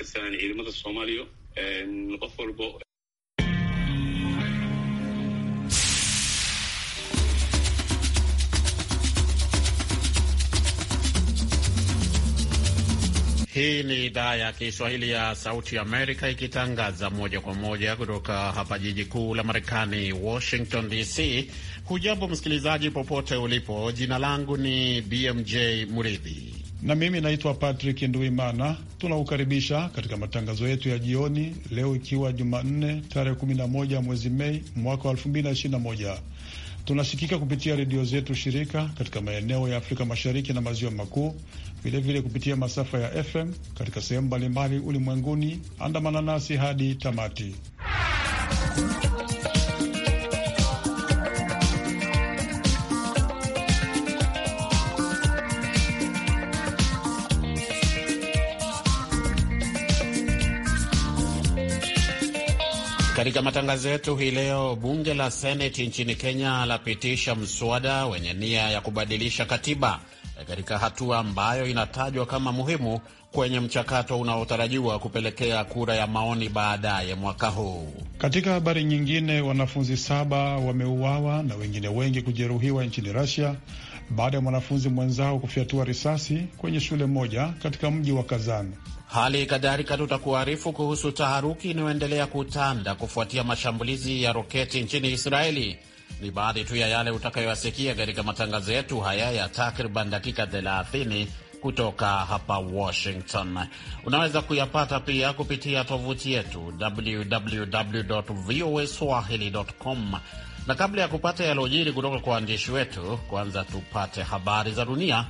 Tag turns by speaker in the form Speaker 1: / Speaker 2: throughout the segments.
Speaker 1: katirsan ciidamada soomaaliya qof walbo Hii ni idhaa ya Kiswahili ya Sauti Amerika ikitangaza moja kwa moja kutoka hapa jiji kuu la Marekani, Washington DC. Hujambo msikilizaji, popote ulipo. Jina langu ni BMJ Muridhi
Speaker 2: na mimi naitwa Patrick Nduimana. Tunaukaribisha katika matangazo yetu ya jioni leo, ikiwa Jumanne tarehe 11 mwezi Mei mwaka wa 2021. Tunasikika kupitia redio zetu shirika katika maeneo ya Afrika Mashariki na Maziwa Makuu, vilevile kupitia masafa ya FM katika sehemu mbalimbali ulimwenguni. Andamana nasi hadi tamati
Speaker 1: Katika matangazo yetu hii leo, bunge la seneti nchini Kenya lapitisha mswada wenye nia ya kubadilisha katiba eh, katika hatua ambayo inatajwa kama muhimu kwenye mchakato unaotarajiwa kupelekea kura ya maoni baadaye mwaka huu.
Speaker 2: Katika habari nyingine, wanafunzi saba wameuawa na wengine wengi kujeruhiwa nchini Russia baada ya mwanafunzi mwenzao kufyatua risasi kwenye shule moja katika mji wa Kazan.
Speaker 1: Hali kadhalika tutakuarifu kuhusu taharuki inayoendelea kutanda kufuatia mashambulizi ya roketi nchini Israeli. Ni baadhi tu ya yale utakayoyasikia katika matangazo yetu haya ya takriban dakika 30 kutoka hapa Washington. Unaweza kuyapata pia kupitia tovuti yetu www voa swahili com. Na kabla ya kupata yalojiri kutoka kwa waandishi wetu, kwanza tupate habari za dunia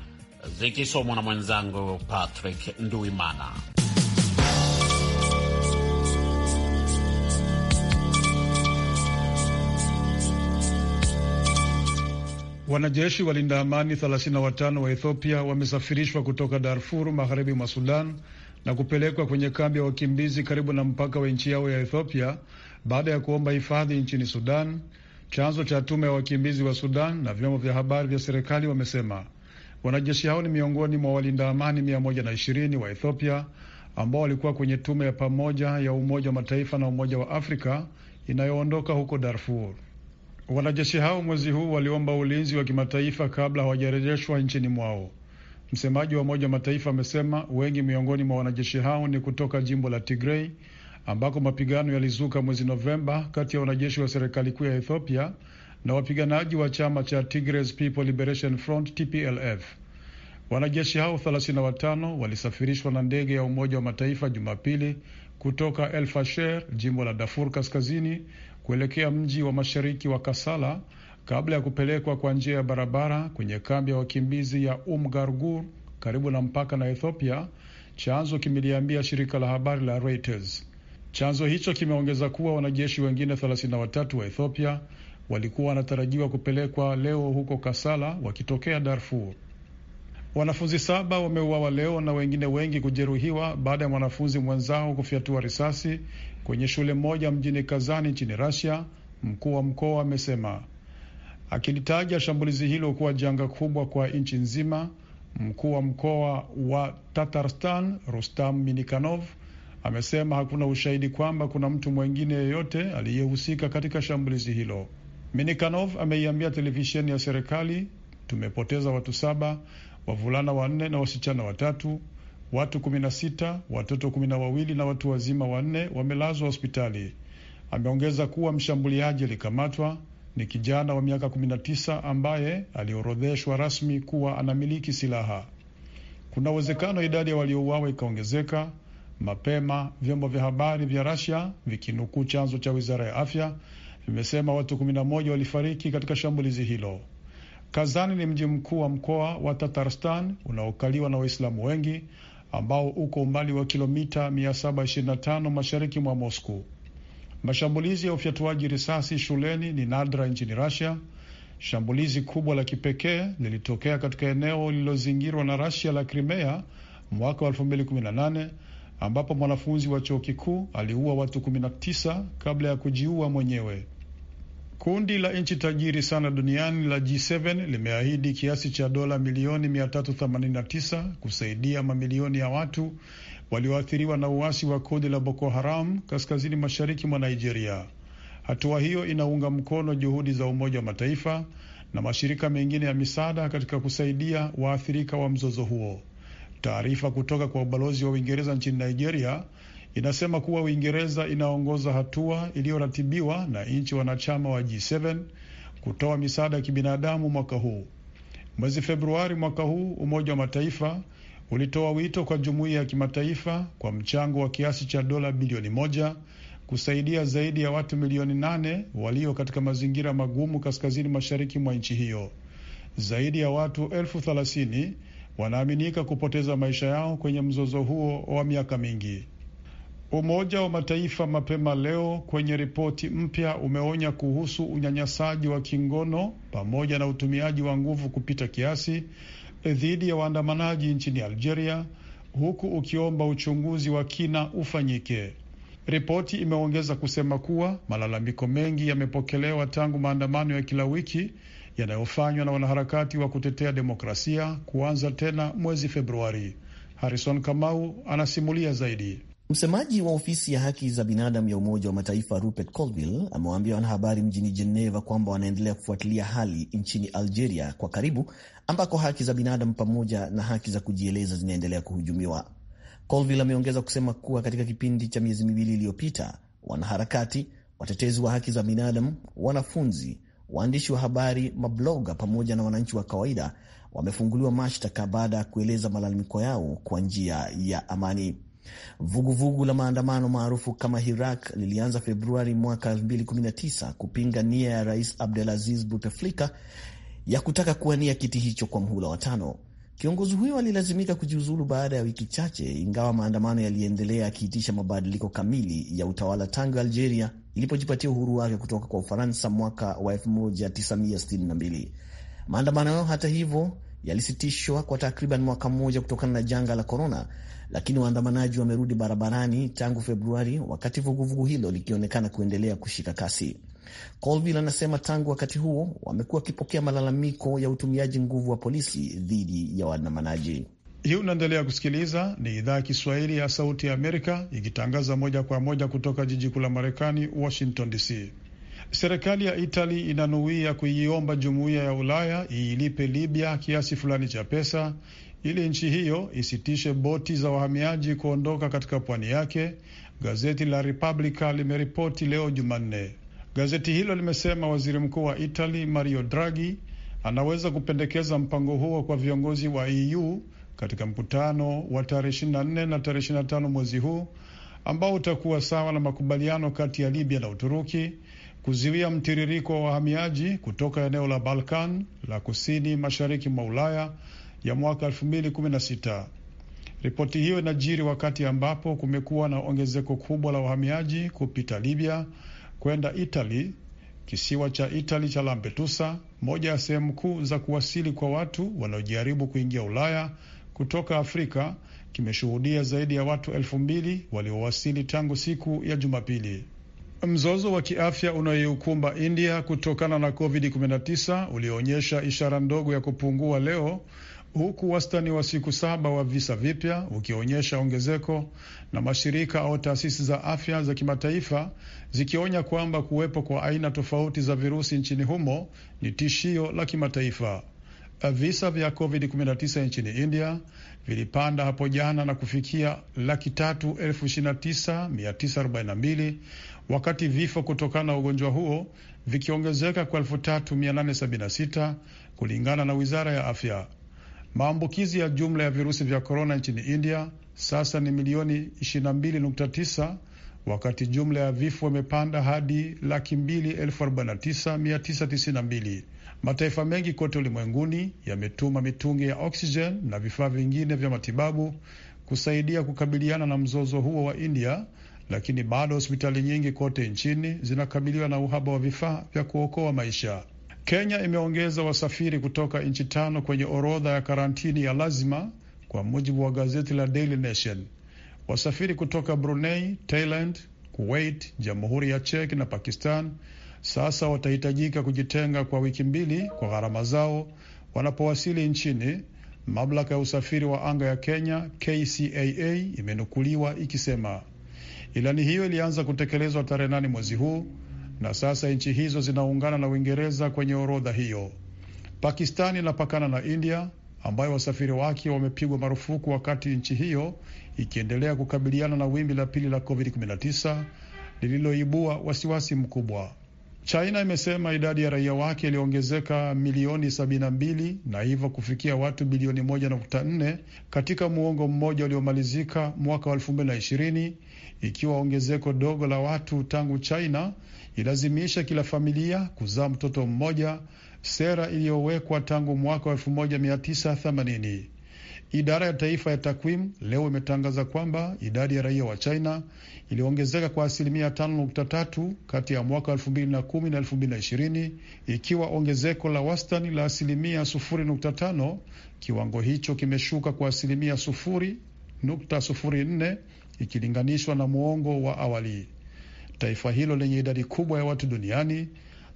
Speaker 1: zikisomwa na mwenzangu Patrick Nduimana.
Speaker 2: Wanajeshi walinda amani 35 wa Ethiopia wamesafirishwa kutoka Darfur magharibi mwa Sudan na kupelekwa kwenye kambi ya wakimbizi karibu na mpaka wa nchi yao ya Ethiopia baada ya kuomba hifadhi nchini Sudan. Chanzo cha tume ya wakimbizi wa Sudan na vyombo vya habari vya serikali wamesema Wanajeshi hao ni miongoni mwa walinda amani mia moja na ishirini wa Ethiopia ambao walikuwa kwenye tume ya pamoja ya Umoja wa Mataifa na Umoja wa Afrika inayoondoka huko Darfur. Wanajeshi hao mwezi huu waliomba ulinzi wa kimataifa kabla hawajarejeshwa nchini mwao. Msemaji wa Umoja wa Mataifa amesema wengi miongoni mwa wanajeshi hao ni kutoka jimbo la Tigrei ambako mapigano yalizuka mwezi Novemba kati ya wanajeshi wa serikali kuu ya Ethiopia na wapiganaji wa chama cha Tigray People Liberation Front TPLF. Wanajeshi hao 35 walisafirishwa na ndege ya Umoja wa Mataifa Jumapili kutoka El Fasher, jimbo la Darfur Kaskazini, kuelekea mji wa mashariki wa Kasala kabla ya kupelekwa kwa njia ya barabara kwenye kambi ya wakimbizi ya Umgargur karibu na mpaka na Ethiopia, chanzo kimeliambia shirika la habari la Reuters. Chanzo hicho kimeongeza kuwa wanajeshi wengine 33 wa Ethiopia walikuwa wanatarajiwa kupelekwa leo huko Kasala wakitokea Darfur. Wanafunzi saba wameuawa leo na wengine wengi kujeruhiwa baada ya mwanafunzi mwenzao kufyatua risasi kwenye shule moja mjini Kazani nchini Rasia, mkuu wa mkoa amesema, akilitaja shambulizi hilo kuwa janga kubwa kwa nchi nzima. Mkuu wa mkoa wa Tatarstan Rustam Minikanov amesema hakuna ushahidi kwamba kuna mtu mwengine yeyote aliyehusika katika shambulizi hilo. Minikanov ameiambia televisheni ya serikali, tumepoteza watu saba, wavulana wanne na wasichana watatu. Watu kumi na sita, watoto kumi na wawili na watu wazima wanne wamelazwa hospitali. Ameongeza kuwa mshambuliaji alikamatwa ni kijana wa miaka 19 ambaye aliorodheshwa rasmi kuwa anamiliki silaha. Kuna uwezekano idadi ya waliouawa ikaongezeka. Mapema vyombo vya habari vya Russia vikinukuu chanzo cha wizara ya afya vimesema watu 11 walifariki katika shambulizi hilo. Kazani ni mji mkuu wa mkoa wa Tatarstan unaokaliwa na Waislamu wengi ambao uko umbali wa kilomita 725 mashariki mwa Moscow. Mashambulizi ya ufyatuaji risasi shuleni ni nadra nchini Russia. Shambulizi kubwa la kipekee lilitokea katika eneo lililozingirwa na Russia la Crimea mwaka wa ambapo mwanafunzi wa chuo kikuu aliua watu 19 kabla ya kujiua mwenyewe. Kundi la nchi tajiri sana duniani la G7 limeahidi kiasi cha dola milioni 389 kusaidia mamilioni ya watu walioathiriwa na uasi wa kundi la Boko Haram kaskazini mashariki mwa Nigeria. Hatua hiyo inaunga mkono juhudi za Umoja wa Mataifa na mashirika mengine ya misaada katika kusaidia waathirika wa mzozo huo. Taarifa kutoka kwa ubalozi wa Uingereza nchini Nigeria inasema kuwa Uingereza inaongoza hatua iliyoratibiwa na nchi wanachama wa G7 kutoa misaada ya kibinadamu mwaka huu. Mwezi Februari mwaka huu, Umoja wa Mataifa ulitoa wito kwa jumuiya ya kimataifa kwa mchango wa kiasi cha dola bilioni moja kusaidia zaidi ya watu milioni nane walio katika mazingira magumu kaskazini mashariki mwa nchi hiyo. Zaidi ya watu elfu thelathini wanaaminika kupoteza maisha yao kwenye mzozo huo wa miaka mingi. Umoja wa Mataifa mapema leo kwenye ripoti mpya umeonya kuhusu unyanyasaji wa kingono pamoja na utumiaji wa nguvu kupita kiasi eh, dhidi ya waandamanaji nchini Algeria, huku ukiomba uchunguzi wa kina ufanyike. Ripoti imeongeza kusema kuwa malalamiko mengi yamepokelewa tangu maandamano ya kila wiki yanayofanywa na wanaharakati wa kutetea demokrasia kuanza tena mwezi Februari. Harrison Kamau anasimulia zaidi.
Speaker 3: Msemaji wa ofisi ya haki za binadamu ya Umoja wa Mataifa Rupert Colville amewaambia wanahabari mjini Geneva kwamba wanaendelea kufuatilia hali nchini Algeria kwa karibu, ambako haki za binadamu pamoja na haki za kujieleza zinaendelea kuhujumiwa. Colville ameongeza kusema kuwa katika kipindi cha miezi miwili iliyopita, wanaharakati, watetezi wa haki za binadamu, wanafunzi waandishi wa habari, mabloga pamoja na wananchi wa kawaida wamefunguliwa mashtaka baada ya kueleza malalamiko yao kwa njia ya amani. Vuguvugu vugu la maandamano maarufu kama Hirak lilianza Februari mwaka 2019 kupinga nia ya Rais Abdulaziz Buteflika ya kutaka kuwania kiti hicho kwa mhula wa tano. Kiongozi huyo alilazimika kujiuzulu baada ya wiki chache, ingawa maandamano yaliendelea yakiitisha mabadiliko kamili ya utawala tangu Algeria ilipojipatia uhuru wake kutoka kwa Ufaransa mwaka wa 1962. Maandamano hayo hata hivyo yalisitishwa kwa takriban mwaka mmoja kutokana na janga la korona, lakini waandamanaji wamerudi barabarani tangu Februari, wakati vuguvugu hilo likionekana kuendelea kushika kasi. Colville anasema tangu wakati huo wamekuwa wakipokea malalamiko ya utumiaji nguvu wa polisi dhidi ya waandamanaji.
Speaker 2: Hii unaendelea kusikiliza, ni idhaa ya Kiswahili ya Sauti ya Amerika ikitangaza moja kwa moja kutoka jiji kuu la Marekani, Washington DC. Serikali ya Itali inanuia kuiomba jumuiya ya Ulaya iilipe Libya kiasi fulani cha pesa ili nchi hiyo isitishe boti za wahamiaji kuondoka katika pwani yake, gazeti la Republika limeripoti leo Jumanne. Gazeti hilo limesema waziri mkuu wa Itali Mario Draghi anaweza kupendekeza mpango huo kwa viongozi wa EU katika mkutano wa tarehe 24 na tarehe 25 mwezi huu ambao utakuwa sawa na makubaliano kati ya Libya na Uturuki kuzuia mtiririko wa wahamiaji kutoka eneo la Balkan la kusini mashariki mwa Ulaya ya mwaka 2016. Ripoti hiyo inajiri wakati ambapo kumekuwa na ongezeko kubwa la wahamiaji kupita Libya kwenda Itali, kisiwa cha Itali cha Lampedusa, moja ya sehemu kuu za kuwasili kwa watu wanaojaribu kuingia Ulaya kutoka Afrika, kimeshuhudia zaidi ya watu elfu mbili waliowasili tangu siku ya Jumapili. Mzozo wa kiafya unayoikumba India kutokana na COVID-19 ulioonyesha ishara ndogo ya kupungua leo huku wastani wa siku saba wa visa vipya ukionyesha ongezeko na mashirika au taasisi za afya za kimataifa zikionya kwamba kuwepo kwa aina tofauti za virusi nchini humo ni tishio la kimataifa. Visa vya COVID-19 nchini India vilipanda hapo jana na kufikia laki tatu elfu ishirini na tisa mia tisa arobaini na mbili wakati vifo kutokana na ugonjwa huo vikiongezeka kwa elfu tatu mia nane sabini na sita kulingana na wizara ya afya. Maambukizi ya jumla ya virusi vya korona nchini India sasa ni milioni 22.9 wakati jumla ya vifo imepanda hadi laki 249992 Mataifa mengi kote ulimwenguni yametuma mitungi ya oksijeni na vifaa vingine vya matibabu kusaidia kukabiliana na mzozo huo wa India, lakini bado hospitali nyingi kote nchini zinakabiliwa na uhaba wa vifaa vya kuokoa maisha. Kenya imeongeza wasafiri kutoka nchi tano kwenye orodha ya karantini ya lazima, kwa mujibu wa gazeti la Daily Nation. Wasafiri kutoka Brunei, Thailand, Kuwait, Jamhuri ya Czech na Pakistan sasa watahitajika kujitenga kwa wiki mbili kwa gharama zao wanapowasili nchini. Mamlaka ya usafiri wa anga ya Kenya KCAA imenukuliwa ikisema ilani hiyo ilianza kutekelezwa tarehe nane mwezi huu na sasa nchi hizo zinaungana na Uingereza kwenye orodha hiyo. Pakistani inapakana na India ambayo wasafiri wake wamepigwa marufuku wakati nchi hiyo ikiendelea kukabiliana na wimbi la pili la COVID-19 lililoibua wasiwasi mkubwa. China imesema idadi ya raia wake iliongezeka milioni 72 na hivyo kufikia watu bilioni 1.4 katika muongo mmoja uliomalizika mwaka wa 2020, ikiwa ongezeko dogo la watu tangu China ilazimisha kila familia kuzaa mtoto mmoja, sera iliyowekwa tangu mwaka wa 1980. Idara ya taifa ya takwimu leo imetangaza kwamba idadi ya raia wa China iliongezeka kwa asilimia 5.3 kati ya mwaka 2010 na 2020, ikiwa ongezeko la wastani la asilimia 0.5. Kiwango hicho kimeshuka kwa asilimia 0.04 ikilinganishwa na mwongo wa awali. Taifa hilo lenye idadi kubwa ya watu duniani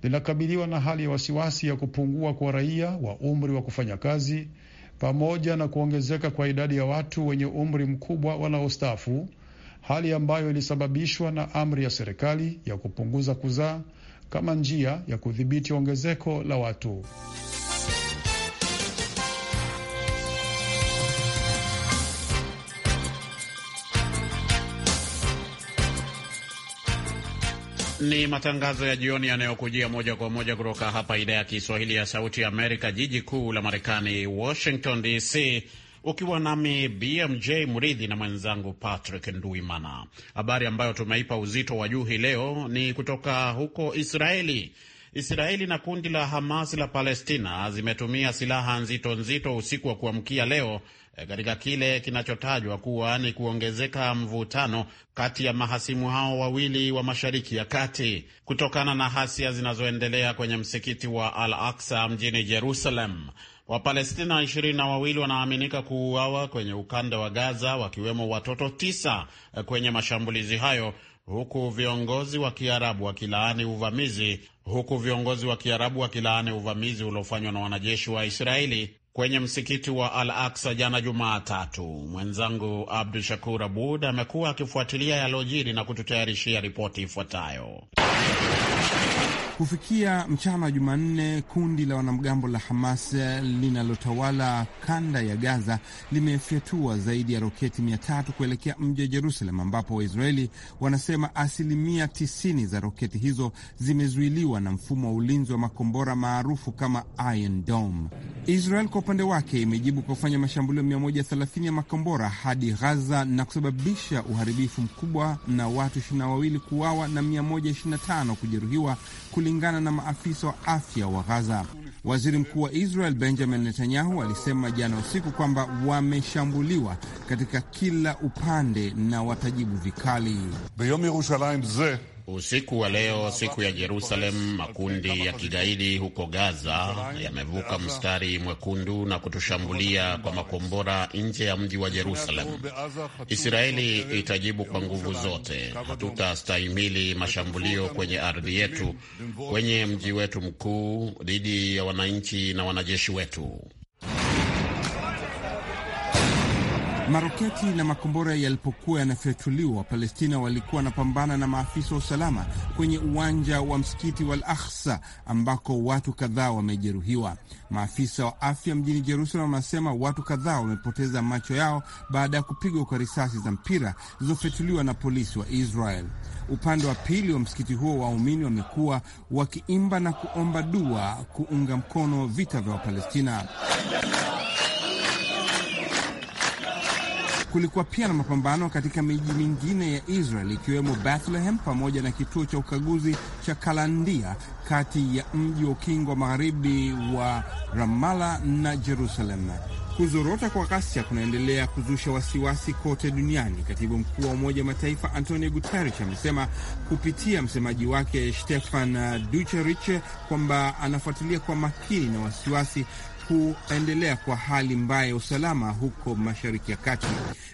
Speaker 2: linakabiliwa na hali ya wasiwasi ya kupungua kwa raia wa umri wa kufanya kazi pamoja na kuongezeka kwa idadi ya watu wenye umri mkubwa wanaostaafu, hali ambayo ilisababishwa na amri ya serikali ya kupunguza kuzaa kama njia ya kudhibiti ongezeko la watu.
Speaker 1: Ni matangazo ya jioni yanayokujia moja kwa moja kutoka hapa idhaa ya Kiswahili ya Sauti ya Amerika, jiji kuu la Marekani, Washington DC, ukiwa nami BMJ Mridhi na mwenzangu Patrick Nduimana. Habari ambayo tumeipa uzito wa juu hii leo ni kutoka huko Israeli. Israeli na kundi la Hamas la Palestina zimetumia silaha nzito nzito usiku wa kuamkia leo E, katika kile kinachotajwa kuwa ni kuongezeka mvutano kati ya mahasimu hao wawili wa Mashariki ya Kati kutokana na hasia zinazoendelea kwenye msikiti wa Al Aksa mjini Jerusalem. Wapalestina ishirini na wawili wanaaminika kuuawa kwenye ukanda wa Gaza, wakiwemo watoto tisa e, kwenye mashambulizi hayo, huku viongozi wa Kiarabu wakilaani uvamizi huku viongozi wa Kiarabu wakilaani uvamizi uliofanywa na wanajeshi wa Israeli kwenye msikiti wa Al Aksa jana Jumatatu. Mwenzangu Abdu Shakur Abud amekuwa akifuatilia yalojiri na kututayarishia ripoti ifuatayo.
Speaker 4: Kufikia mchana wa Jumanne, kundi la wanamgambo la Hamas linalotawala kanda ya Gaza limefyatua zaidi ya roketi mia tatu kuelekea mji wa Jerusalem, ambapo Waisraeli wanasema asilimia 90 za roketi hizo zimezuiliwa na mfumo wa ulinzi wa makombora maarufu kama Iron Dome. Israel kwa upande wake imejibu kwa kufanya mashambulio 130 ya makombora hadi Ghaza na kusababisha uharibifu mkubwa na watu 22 kuuawa na 125 kujeruhiwa kulingana na maafisa wa afya wa Gaza. Waziri Mkuu wa Israel Benjamin Netanyahu alisema jana usiku kwamba wameshambuliwa katika kila upande na watajibu
Speaker 1: vikali. Usiku wa leo, siku ya Jerusalem, makundi ya kigaidi huko Gaza yamevuka mstari mwekundu na kutushambulia kwa makombora nje ya mji wa Jerusalem. Israeli itajibu kwa nguvu zote. Hatutastahimili mashambulio kwenye ardhi yetu, kwenye mji wetu mkuu, dhidi ya wananchi na wanajeshi wetu.
Speaker 4: Maroketi na makombora yalipokuwa yanafyatuliwa, Wapalestina walikuwa wanapambana na maafisa wa usalama kwenye uwanja wa msikiti wa Al Aksa ambako watu kadhaa wamejeruhiwa. Maafisa wa afya mjini Jerusalem wanasema watu kadhaa wamepoteza macho yao baada ya kupigwa kwa risasi za mpira zilizofyatuliwa na polisi wa Israel. Upande wa pili wa msikiti huo, waumini wamekuwa wakiimba na kuomba dua kuunga mkono vita vya Wapalestina. Kulikuwa pia na mapambano katika miji mingine ya Israel ikiwemo Bethlehem pamoja na kituo cha ukaguzi cha Kalandia kati ya mji wa ukingo wa magharibi wa Ramala na Jerusalem. Kuzorota kwa ghasia kunaendelea kuzusha wasiwasi kote duniani. Katibu mkuu wa Umoja wa Mataifa Antonio Guterres amesema kupitia msemaji wake Stefan Ducherich kwamba anafuatilia kwa makini na wasiwasi kuendelea kwa hali mbaya ya usalama huko Mashariki ya Kati.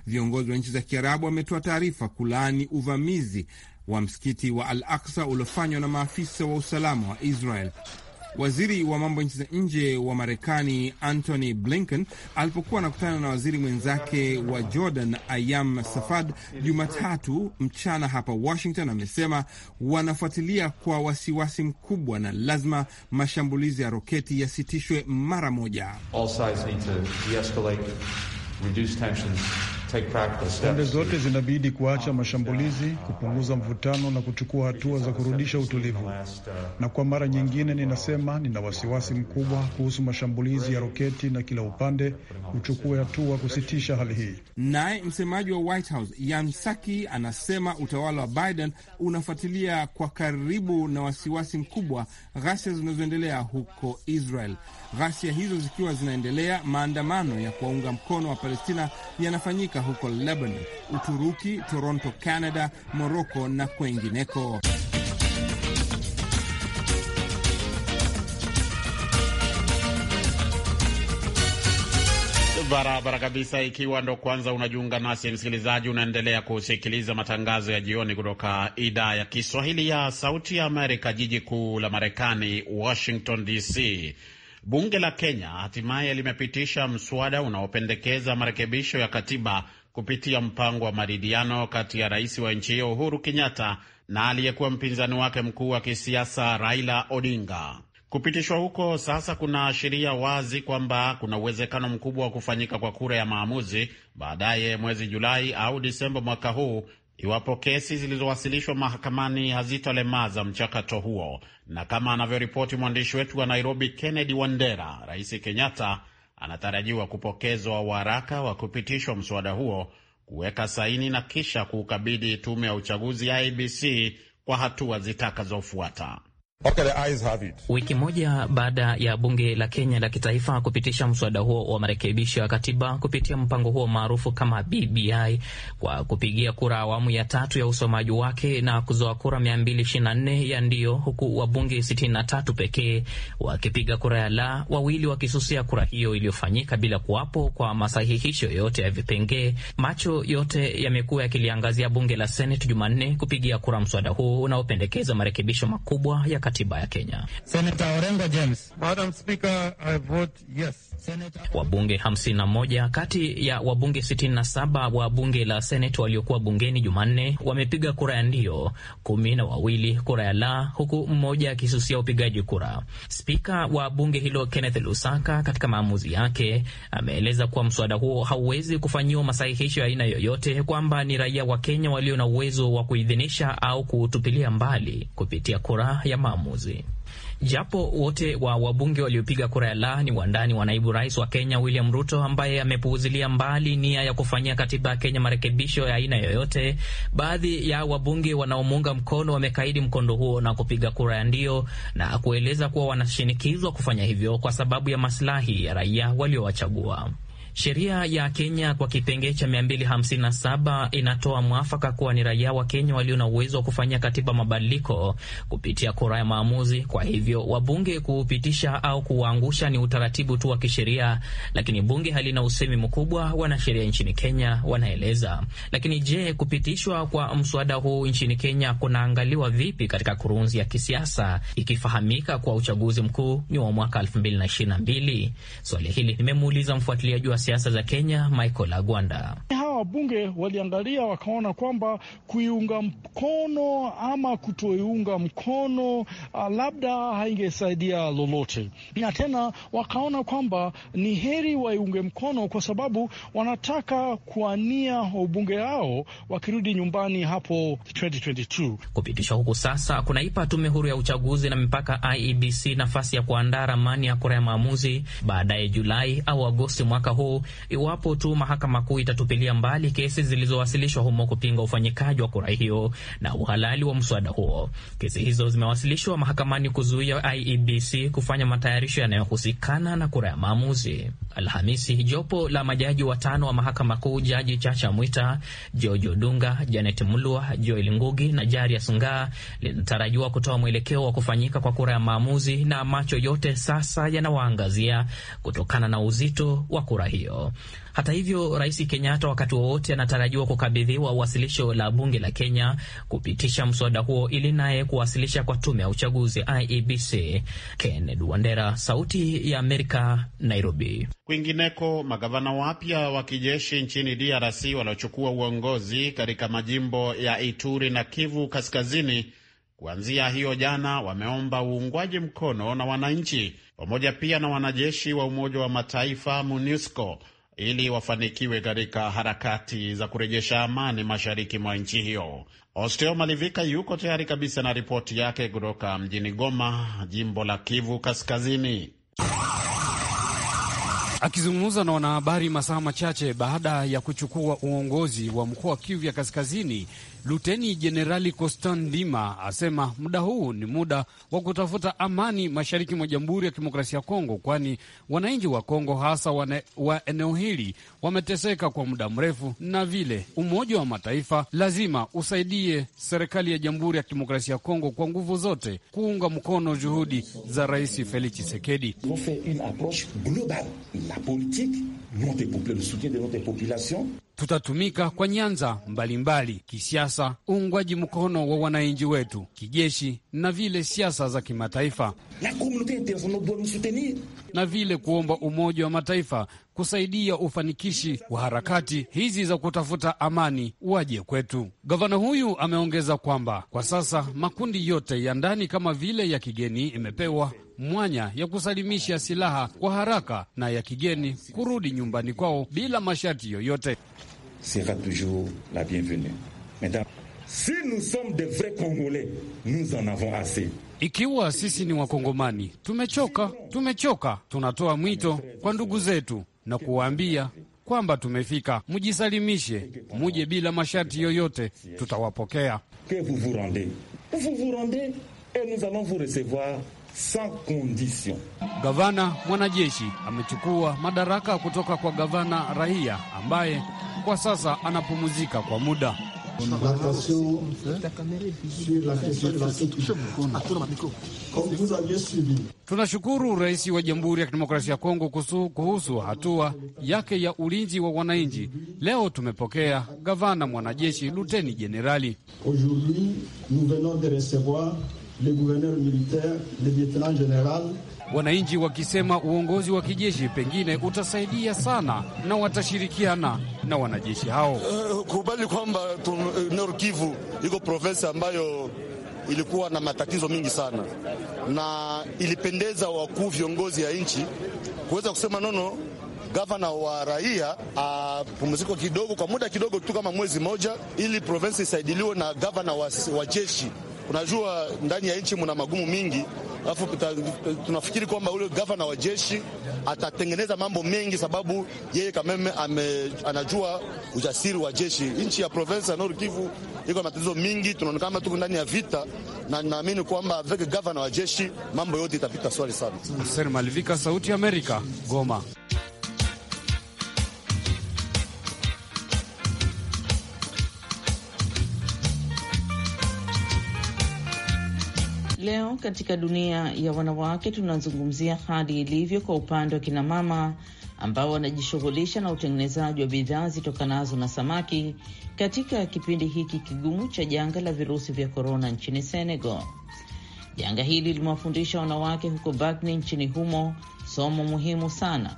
Speaker 4: Viongozi wa nchi za Kiarabu wametoa taarifa kulaani uvamizi wa msikiti wa Al Aksa uliofanywa na maafisa wa usalama wa Israel Waziri wa mambo nchi za nje wa Marekani Antony Blinken alipokuwa anakutana na waziri mwenzake wa Jordan Ayam Safad Jumatatu mchana hapa Washington, amesema wanafuatilia kwa wasiwasi mkubwa na lazima mashambulizi ya roketi yasitishwe mara moja.
Speaker 2: All sides need to Pande zote zinabidi kuacha mashambulizi, kupunguza mvutano na kuchukua hatua za kurudisha utulivu. Na kwa mara nyingine ninasema nina wasiwasi mkubwa kuhusu mashambulizi ya roketi na kila upande uchukue hatua kusitisha hali hii.
Speaker 4: Naye msemaji wa White House Jen Psaki anasema utawala wa Biden unafuatilia kwa karibu na wasiwasi mkubwa ghasia zinazoendelea huko Israel. Ghasia hizo zikiwa zinaendelea, maandamano ya kuwaunga mkono wa Palestina yanafanyika huko Lebanon, Uturuki, Toronto, Canada, Moroko na kwengineko.
Speaker 1: Barabara kabisa. Ikiwa ndo kwanza unajiunga nasi, msikilizaji, unaendelea kusikiliza matangazo ya jioni kutoka idhaa ya Kiswahili ya Sauti ya Amerika, jiji kuu la Marekani, Washington DC. Bunge la Kenya hatimaye limepitisha mswada unaopendekeza marekebisho ya katiba kupitia mpango wa maridhiano kati ya rais wa nchi hiyo Uhuru Kenyatta na aliyekuwa mpinzani wake mkuu wa kisiasa Raila Odinga. Kupitishwa huko sasa kunaashiria wazi kwamba kuna uwezekano mkubwa wa kufanyika kwa kura ya maamuzi baadaye mwezi Julai au Disemba mwaka huu iwapo kesi zilizowasilishwa mahakamani hazitolemaza mchakato huo. Na kama anavyoripoti mwandishi wetu wa Nairobi, Kennedy Wandera, Rais Kenyatta anatarajiwa kupokezwa waraka wa kupitishwa mswada huo, kuweka saini na kisha kuukabidhi tume ya uchaguzi ibc kwa hatua zitakazofuata.
Speaker 5: Okay, the eyes have it. Wiki moja baada ya bunge la Kenya la kitaifa kupitisha mswada huo wa marekebisho ya katiba kupitia mpango huo maarufu kama BBI kwa kupigia kura awamu ya tatu ya usomaji wake na kuzoa kura 224 ya ndio, huku wabunge 63 pekee wakipiga kura ya la, wawili wakisusia kura hiyo iliyofanyika bila kuwapo kwa masahihisho yote ya vipengee. Macho yote yamekuwa yakiliangazia bunge la Senate Jumanne kupigia kura mswada huo unaopendekeza marekebisho makubwa ya katiba ya Kenya. Senator Orengo James. Madam Speaker, I vote yes. Senator... wabunge 51 kati ya wabunge 67 wa bunge la Senate waliokuwa bungeni Jumanne wamepiga kura ya ndio, kumi na wawili kura ya la, huku mmoja akisusia upigaji kura. Spika wa bunge hilo Kenneth Lusaka, katika maamuzi yake, ameeleza kuwa mswada huo hauwezi kufanyiwa masahihisho ya aina yoyote, kwamba ni raia wa Kenya walio na uwezo wa kuidhinisha au kuutupilia mbali kupitia kura ya maamuzi uamuzi. Japo wote wa wabunge waliopiga kura ya la ni wandani wa naibu rais wa Kenya William Ruto, ambaye amepuuzilia mbali nia ya kufanyia katiba ya Kenya marekebisho ya aina yoyote, baadhi ya wabunge wanaomuunga mkono wamekaidi mkondo huo na kupiga kura ya ndio na kueleza kuwa wanashinikizwa kufanya hivyo kwa sababu ya masilahi ya raia waliowachagua. Sheria ya Kenya kwa kipenge cha 257 inatoa mwafaka kuwa ni raia wa Kenya walio na uwezo wa kufanyia katiba mabadiliko kupitia kura ya maamuzi. Kwa hivyo wabunge kuupitisha au kuuangusha ni utaratibu tu wa kisheria, lakini bunge halina usemi mkubwa, wanasheria nchini Kenya wanaeleza. Lakini je, kupitishwa kwa mswada huu nchini Kenya kunaangaliwa vipi katika kurunzi ya kisiasa, ikifahamika kwa uchaguzi mkuu ni wa mwaka 2022? Swali hili nimemuuliza mfuatiliaji wa siasa za Kenya Michael Agwanda.
Speaker 2: Hawa wabunge waliangalia wakaona kwamba kuiunga mkono ama kutoiunga mkono ah, labda haingesaidia lolote, na tena wakaona kwamba ni heri waiunge mkono kwa sababu wanataka kuania wabunge hao wakirudi nyumbani hapo
Speaker 5: 2022. Kupitishwa huku sasa kunaipa tume huru ya uchaguzi na mipaka IEBC nafasi ya kuandaa ramani ya kura ya maamuzi baadaye Julai au Agosti mwaka huu huko iwapo tu mahakama kuu itatupilia mbali kesi zilizowasilishwa humo kupinga ufanyikaji wa kura hiyo na uhalali wa mswada huo. Kesi hizo zimewasilishwa mahakamani kuzuia IEBC kufanya matayarisho yanayohusikana na kura ya maamuzi. Alhamisi, jopo la majaji watano wa mahakama kuu, Jaji Chacha Mwita, George Odunga, Janet Mulwa, Joel Ngugi na Jarius Ngaa, linatarajiwa kutoa mwelekeo wa kufanyika kwa kura ya maamuzi, na macho yote sasa yanawaangazia kutokana na uzito wa kura hiyo hiyo. Hata hivyo, Rais Kenyatta wakati wowote anatarajiwa kukabidhiwa uwasilisho la bunge la Kenya kupitisha mswada huo ili naye kuwasilisha kwa tume ya uchaguzi IEBC. Kennedy Wandera, Sauti ya Amerika, Nairobi.
Speaker 1: Kwingineko, magavana wapya wa kijeshi nchini DRC wanaochukua uongozi katika majimbo ya Ituri na Kivu Kaskazini Kuanzia hiyo jana, wameomba uungwaji mkono na wananchi pamoja pia na wanajeshi wa Umoja wa Mataifa MONUSCO ili wafanikiwe katika harakati za kurejesha amani mashariki mwa nchi hiyo. Osteo Malivika yuko tayari kabisa na ripoti yake kutoka mjini Goma, jimbo la Kivu Kaskazini. Akizungumza na wanahabari
Speaker 6: masaa machache baada ya kuchukua uongozi wa mkoa wa Kivu ya Kaskazini Luteni Jenerali Costan Ndima asema muda huu ni muda wa kutafuta amani mashariki mwa Jamhuri ya Kidemokrasia ya Kongo, kwani wananchi wa Kongo hasa wane, wa eneo hili wameteseka kwa muda mrefu, na vile Umoja wa Mataifa lazima usaidie serikali ya Jamhuri ya Kidemokrasia ya Kongo kwa nguvu zote kuunga mkono juhudi za Rais Felix Tshisekedi notre,
Speaker 2: le soutien de notre population.
Speaker 6: Tutatumika kwa nyanza mbalimbali, kisiasa, uungwaji mkono wa wananchi wetu, kijeshi na vile siasa za kimataifa, na vile kuomba Umoja wa Mataifa kusaidia ufanikishi wa harakati hizi za kutafuta amani waje kwetu. Gavana huyu ameongeza kwamba kwa sasa makundi yote ya ndani kama vile ya kigeni imepewa mwanya ya kusalimisha silaha kwa haraka na ya kigeni kurudi nyumbani kwao bila masharti yoyote. sera toujours la bienvenue mesdames si nous sommes de vrais congolais nous en avons assez ikiwa sisi ni Wakongomani tumechoka, tumechoka, tunatoa mwito kwa ndugu zetu na kuwaambia kwamba tumefika, mjisalimishe, muje bila masharti yoyote, tutawapokea. Gavana mwanajeshi amechukua madaraka kutoka kwa gavana raia ambaye kwa sasa anapumzika kwa muda
Speaker 3: l'attention sur la question de la sécurité. Comme vous aviez suivi.
Speaker 6: Tunashukuru Rais wa Jamhuri ya Kidemokrasia ya Kongo kusu, kuhusu hatua yake ya ulinzi wa wananchi. Leo tumepokea gavana, mwanajeshi, luteni jenerali.
Speaker 3: Aujourd'hui, nous venons de recevoir le gouverneur militaire, le lieutenant général
Speaker 6: wananchi wakisema uongozi wa kijeshi pengine utasaidia sana na watashirikiana na wanajeshi hao.
Speaker 3: Uh, kubali kwamba uh, eh, Nord Kivu iko provensi ambayo ilikuwa na matatizo mingi sana, na ilipendeza wakuu viongozi ya nchi kuweza kusema nono gavana wa raia apumzikwa ah, kidogo kwa muda kidogo tu kama mwezi moja, ili provensi isaidiliwe na gavana wa, wa jeshi. Unajua ndani ya nchi muna magumu mingi alafu tunafikiri kwamba ule gavana wa jeshi atatengeneza mambo mengi, sababu yeye kameme ame, anajua ujasiri wa jeshi. Nchi ya provensi ya Nord Kivu iko matatizo mingi, tunaonekana tuko ndani ya vita, na naamini kwamba avec gavana wa jeshi mambo yote itapita swali sana.
Speaker 6: Sauti ya Amerika, Goma.
Speaker 7: Leo katika dunia ya wanawake tunazungumzia hali ilivyo kwa upande wa kinamama ambao wanajishughulisha na utengenezaji wa bidhaa zitokanazo na samaki katika kipindi hiki kigumu cha janga la virusi vya korona nchini Senegal. Janga hili limewafundisha wanawake huko Bakni nchini humo somo muhimu sana,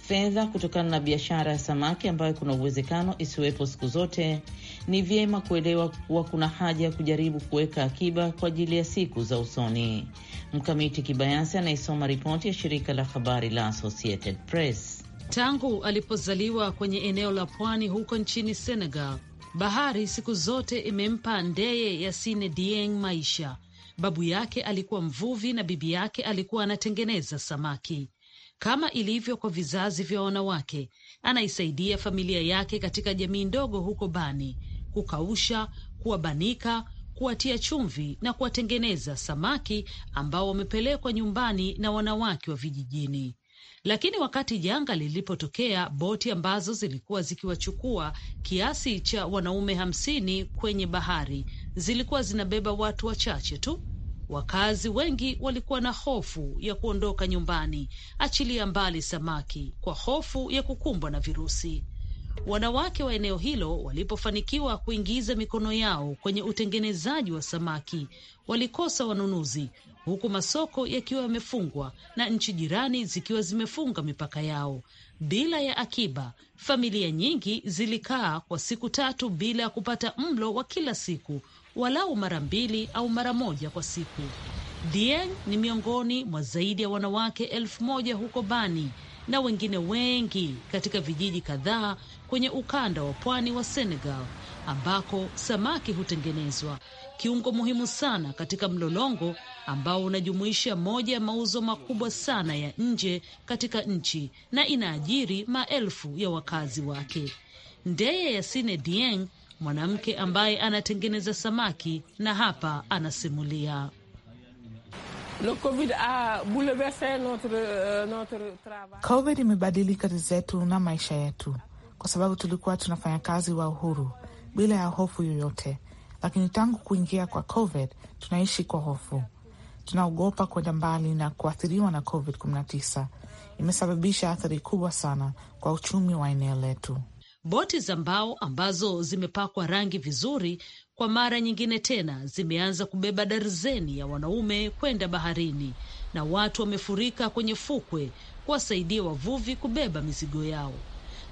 Speaker 7: fedha kutokana na biashara ya samaki ambayo kuna uwezekano isiwepo siku zote, ni vyema kuelewa kuwa kuna haja ya kujaribu kuweka akiba kwa ajili ya siku za usoni. Mkamiti Kibayasi anaisoma ripoti ya shirika la habari la Associated Press. Tangu alipozaliwa kwenye eneo la pwani huko nchini Senegal, bahari siku zote imempa ndeye ya Sine Dieng maisha. Babu yake alikuwa mvuvi na bibi yake alikuwa anatengeneza samaki. Kama ilivyo kwa vizazi vya wanawake, anaisaidia familia yake katika jamii ndogo huko Bani kukausha, kuwabanika, kuwatia chumvi na kuwatengeneza samaki ambao wamepelekwa nyumbani na wanawake wa vijijini. Lakini wakati janga lilipotokea, boti ambazo zilikuwa zikiwachukua kiasi cha wanaume hamsini kwenye bahari zilikuwa zinabeba watu wachache tu. Wakazi wengi walikuwa na hofu ya kuondoka nyumbani, achilia mbali samaki, kwa hofu ya kukumbwa na virusi wanawake wa eneo hilo walipofanikiwa kuingiza mikono yao kwenye utengenezaji wa samaki walikosa wanunuzi, huku masoko yakiwa yamefungwa na nchi jirani zikiwa zimefunga mipaka yao. Bila ya akiba, familia nyingi zilikaa kwa siku tatu bila ya kupata mlo wa kila siku, walau mara mbili au mara moja kwa siku. Dieng ni miongoni mwa zaidi ya wanawake elfu moja huko Bani na wengine wengi katika vijiji kadhaa kwenye ukanda wa pwani wa Senegal ambako samaki hutengenezwa, kiungo muhimu sana katika mlolongo ambao unajumuisha moja ya mauzo makubwa sana ya nje katika nchi na inaajiri maelfu ya wakazi wake. Ndeye Yasine Dieng, mwanamke ambaye anatengeneza samaki, na hapa anasimulia. Euh, COVID imebadilika zetu na maisha yetu, kwa sababu tulikuwa tunafanya kazi wa uhuru bila ya hofu yoyote, lakini tangu kuingia kwa COVID tunaishi kwa hofu. Tunaogopa kwenda mbali na kuathiriwa na COVID-19 imesababisha athari kubwa sana kwa uchumi wa eneo letu. Boti za mbao ambazo zimepakwa rangi vizuri kwa mara nyingine tena zimeanza kubeba darzeni ya wanaume kwenda baharini na watu wamefurika kwenye fukwe kuwasaidia wavuvi kubeba mizigo yao.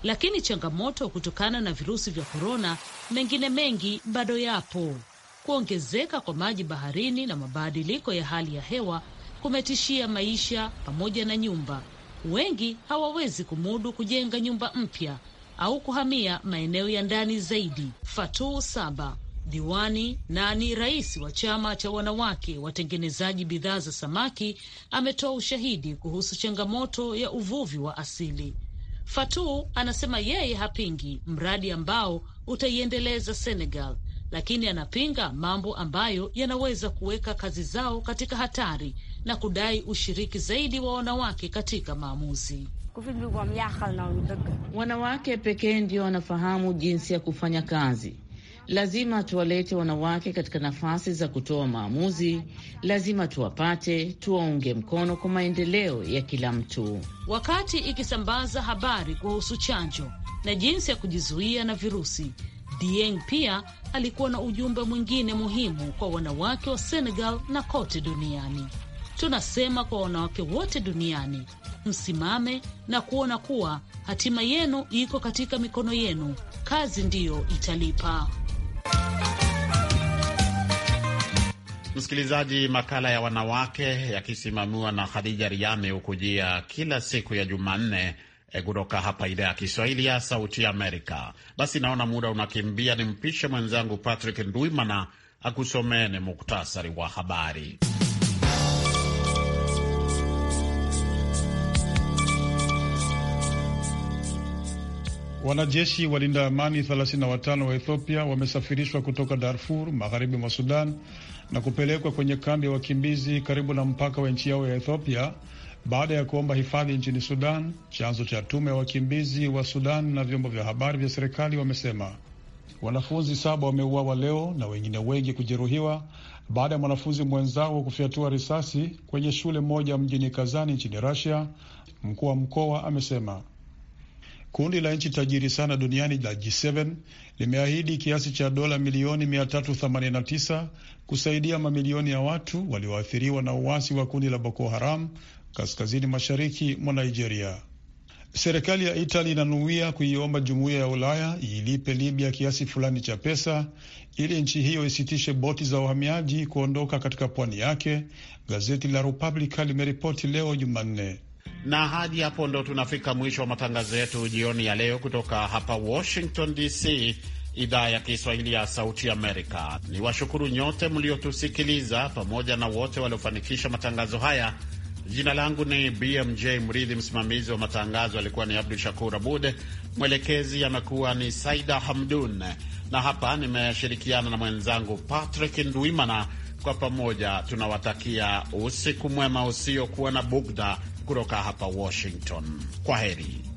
Speaker 7: Lakini changamoto kutokana na virusi vya korona mengine mengi bado yapo. Kuongezeka kwa maji baharini na mabadiliko ya hali ya hewa kumetishia maisha pamoja na nyumba. Wengi hawawezi kumudu kujenga nyumba mpya au kuhamia maeneo ya ndani zaidi. Fatou Saba diwani na ni rais wa chama cha wanawake watengenezaji bidhaa za samaki, ametoa ushahidi kuhusu changamoto ya uvuvi wa asili. Fatu anasema yeye hapingi mradi ambao utaiendeleza Senegal, lakini anapinga mambo ambayo yanaweza kuweka kazi zao katika hatari na kudai ushiriki zaidi wa wanawake katika maamuzi. Wanawake pekee ndio wanafahamu jinsi ya kufanya kazi Lazima tuwalete wanawake katika nafasi za kutoa maamuzi, lazima tuwapate, tuwaunge mkono kwa maendeleo ya kila mtu. Wakati ikisambaza habari kuhusu chanjo na jinsi ya kujizuia na virusi, Dieng pia alikuwa na ujumbe mwingine muhimu kwa wanawake wa Senegal na kote duniani. Tunasema kwa wanawake wote duniani, msimame na kuona kuwa hatima yenu iko katika mikono yenu. Kazi ndiyo italipa.
Speaker 1: Msikilizaji, makala ya wanawake yakisimamiwa na Khadija Riami hukujia kila siku ya Jumanne eh, kutoka hapa idhaa ya Kiswahili ya Sauti ya Amerika. Basi naona muda unakimbia, ni mpishe mwenzangu Patrick Ndwimana akusomeeni muktasari wa habari.
Speaker 2: Wanajeshi walinda amani 35 wa Ethiopia wamesafirishwa kutoka Darfur magharibi mwa Sudan na kupelekwa kwenye kambi ya wakimbizi karibu na mpaka wa nchi yao ya Ethiopia baada ya kuomba hifadhi nchini Sudan. Chanzo cha tume ya wakimbizi wa Sudan na vyombo vya habari vya serikali wamesema wanafunzi saba wameuawa leo na wengine wengi kujeruhiwa baada ya mwanafunzi mwenzao kufyatua risasi kwenye shule moja mjini Kazani nchini Russia. Mkuu wa mkoa amesema Kundi la nchi tajiri sana duniani la G7 limeahidi kiasi cha dola milioni 389 kusaidia mamilioni ya watu walioathiriwa na uasi wa kundi la Boko Haram kaskazini mashariki mwa Nigeria. Serikali ya Itali inanuia kuiomba jumuiya ya Ulaya iilipe Libya kiasi fulani cha pesa ili nchi hiyo isitishe boti za uhamiaji kuondoka katika pwani yake, gazeti la Republika limeripoti leo Jumanne.
Speaker 1: Na hadi hapo ndo tunafika mwisho wa matangazo yetu jioni ya leo kutoka hapa Washington DC, idhaa ya Kiswahili ya Sauti Amerika. Ni washukuru nyote mliotusikiliza pamoja na wote waliofanikisha matangazo haya. Jina langu ni BMJ Mridhi, msimamizi wa matangazo alikuwa ni Abdu Shakur Abud, mwelekezi amekuwa ni Saida Hamdun, na hapa nimeshirikiana na mwenzangu Patrick Ndwimana. Kwa pamoja tunawatakia usiku mwema usiokuwa na bugdha kutoka hapa Washington. Kwa heri.